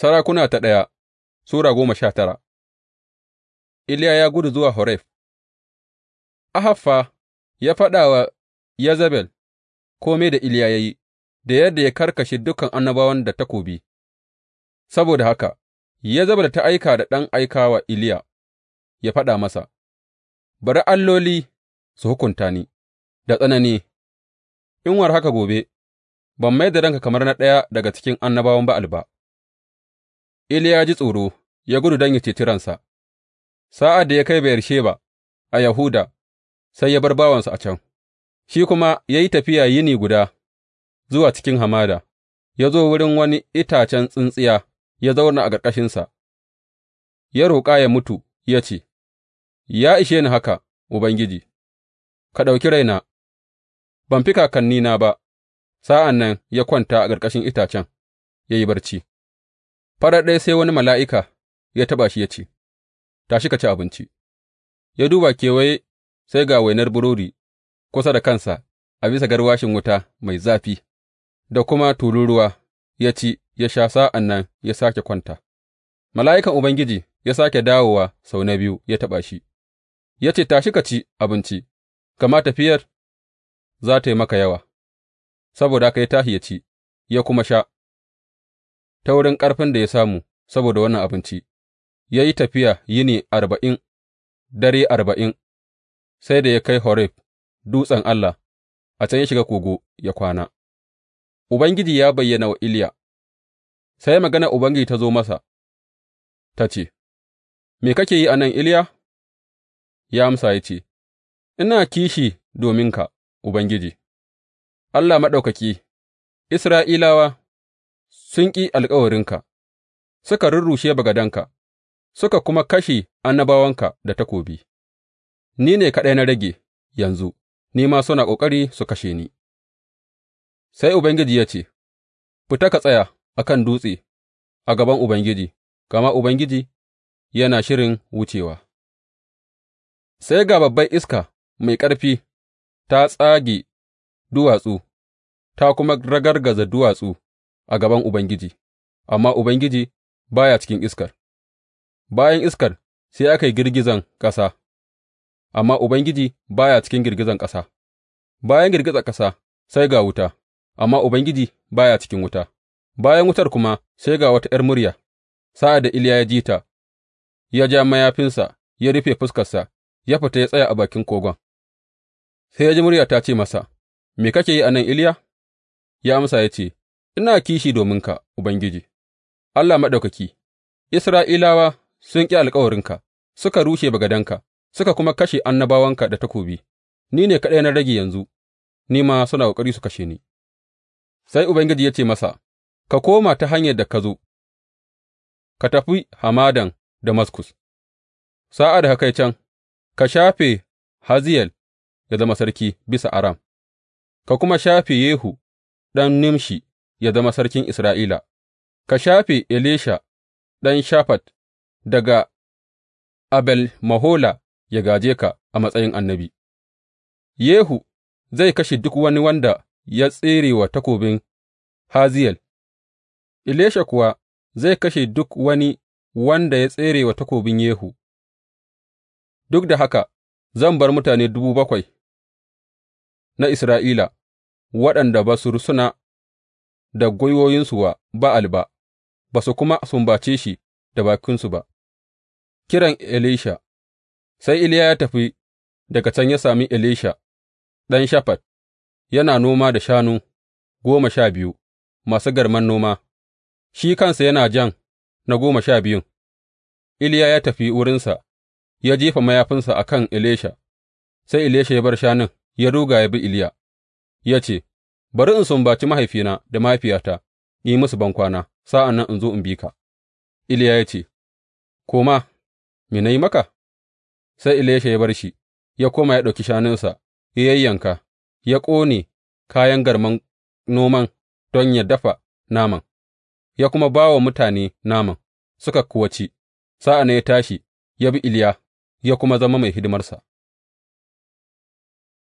Sarakuna ta ɗaya Sura goma sha tara Iliya ya gudu zuwa Horef. Ahab ya faɗa wa Yezebel kome da Iliya ya yi, da yadda ya karkashe dukan annabawan da takobi, saboda haka Yezebel ta aika da ɗan aika wa Iliya ya faɗa masa, Bari alloli su hukunta ni da tsanani, in war haka gobe, ban mai da ranka kamar na ɗaya daga cikin annabawan Ba'al ba. Iliya ya ji tsoro ya gudu don ya ceci ransa, sa'ad da ya kai Beyersheba a Yahuda, sai ya bar bawansa a can, shi kuma ya yi tafiya yini guda zuwa cikin hamada, ya zo wurin wani itacen tsintsiya ya zauna a ƙarƙashinsa, ya roƙa ya mutu ya ce, Ya ishe ni haka, Ubangiji, ka ɗauki raina, ban fi kakannina ba, sa'an nan ya kwanta a ƙarƙashin itacen ya yi barci. Farar ɗaya sai wani mala'ika ya taɓa shi ya ce, Tashi ka ci abinci, ya duba kewaye sai ga wainar burodi kusa da kansa a bisa garwashin wuta mai zafi, da kuma tururuwa ya ci ya sha sa'an nan ya sake kwanta. Mala'ikan Ubangiji ya sake dawowa sau na biyu ya taɓa shi, ya ce, Tashi ka ci abinci, gama tafiyar za ta yi maka yawa, saboda ka ya tashi ya ci, ya kuma sha. ta wurin ƙarfin da ya samu saboda wannan abinci, ya yi tafiya yini arba'in, dare arba'in, sai da ya kai Horeb, dutsen Allah, a can ya shiga kogo ya kwana. Ubangiji ya bayyana wa Iliya, sai magana Ubangiji ta zo masa, ta ce, Me kake yi a nan, Iliya? Ya amsa ya ce, Ina kishi dominka, Ubangiji, Allah Maɗaukaki, Isra'ilawa sun ƙi alkawarinka, suka rurrushe bagadanka, suka kuma kashe annabawanka da takobi, ni ne kaɗai na rage yanzu, ni ma suna ƙoƙari su kashe ni. Sai Ubangiji ya ce, Fita ka tsaya a kan dutse a gaban Ubangiji, gama Ubangiji yana shirin wucewa. Sai ga babbar iska mai ƙarfi ta tsage duwatsu, ta kuma ragargaza duwatsu a gaban Ubangiji, amma Ubangiji ba ya cikin iskar; bayan iskar sai aka yi girgizan ƙasa, amma Ubangiji ba ya cikin girgizan ƙasa; bayan girgizan ƙasa sai ga wuta, amma Ubangiji ba ya cikin wuta; bayan wutar kuma sai ga wata ’yar murya, sa'ad da Iliya ya ji ta, ya ja mayafinsa, ya rufe fuskarsa, ya fita ya tsaya a bakin kogon. Sai ya ji murya ta ce masa, Me kake yi a nan, Iliya? Ya amsa ya ce. Ina kishi dominka, Ubangiji, Allah Maɗaukaki; Isra'ilawa sun ƙi alkawarinka, suka rushe bagadanka suka kuma kashe annabawanka da takobi, ni ne kaɗai na rage yanzu, ni ma suna ƙoƙari su kashe ni. Sai Ubangiji ya ce masa, Ka koma ta hanyar da ka zo, ka tafi hamadan Damaskus, Sa'a da ka kai can, ka shafe Haziyel ya zama sarki bisa Aram, ka kuma shafe Yehu ɗan Nimshi ya zama sarkin Isra'ila, ka shafe Elisha ɗan Shafat daga Abel Mahola ya gaje ka a matsayin annabi, Yehu zai kashe duk wani wanda ya tsere wa takobin Haziyel, Elisha kuwa zai kashe duk wani wanda ya tsere wa takobin Yehu, duk da haka zan bar mutane dubu bakwai na Isra'ila waɗanda ba su rusuna da gwiwoyinsu wa Ba'al ba, ba su kuma sumbace shi da bakinsu ba. Kiran Elisha Sai Iliya ya tafi daga can ya sami Elisha ɗan Shafat, yana noma da shanu goma sha biyu masu garman noma, shi kansa yana jan na goma sha biyun. Iliya ya tafi wurinsa, ya jefa mayafinsa a kan Elisha, sai Elisha ya bar shanun ya ruga ya bi Iliya, ya ce, Bari in sumbaci mahaifina da mahaifiyata in yi musu bankwana, sa'an nan in zo in bi ka. Iliya ya ce, Koma, me na yi maka? Sai Iliya ya bar shi, ya koma ya ɗauki shanunsa, ya yayyanka, ya ƙone kayan garman noman don ya dafa naman, ya kuma ba wa mutane naman, suka kuwa ci, sa'an nan ya tashi ya bi Iliya ya kuma zama mai hidimarsa.